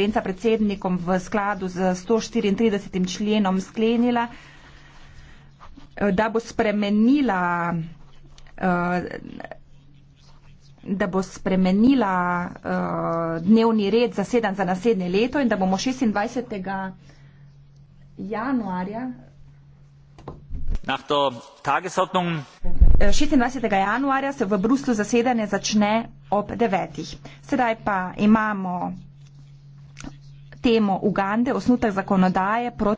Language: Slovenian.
konferenca predsednikom v skladu z 134. členom sklenila, eh, da bo spremenila eh, da bo spremenila uh, dnevni red za sedem za naslednje leto in da bomo 26. januarja, 26. januarja se v Bruslu zasedanje začne ob devetih. Sedaj pa imamo temo Ugande, osnutek zakonodaje proti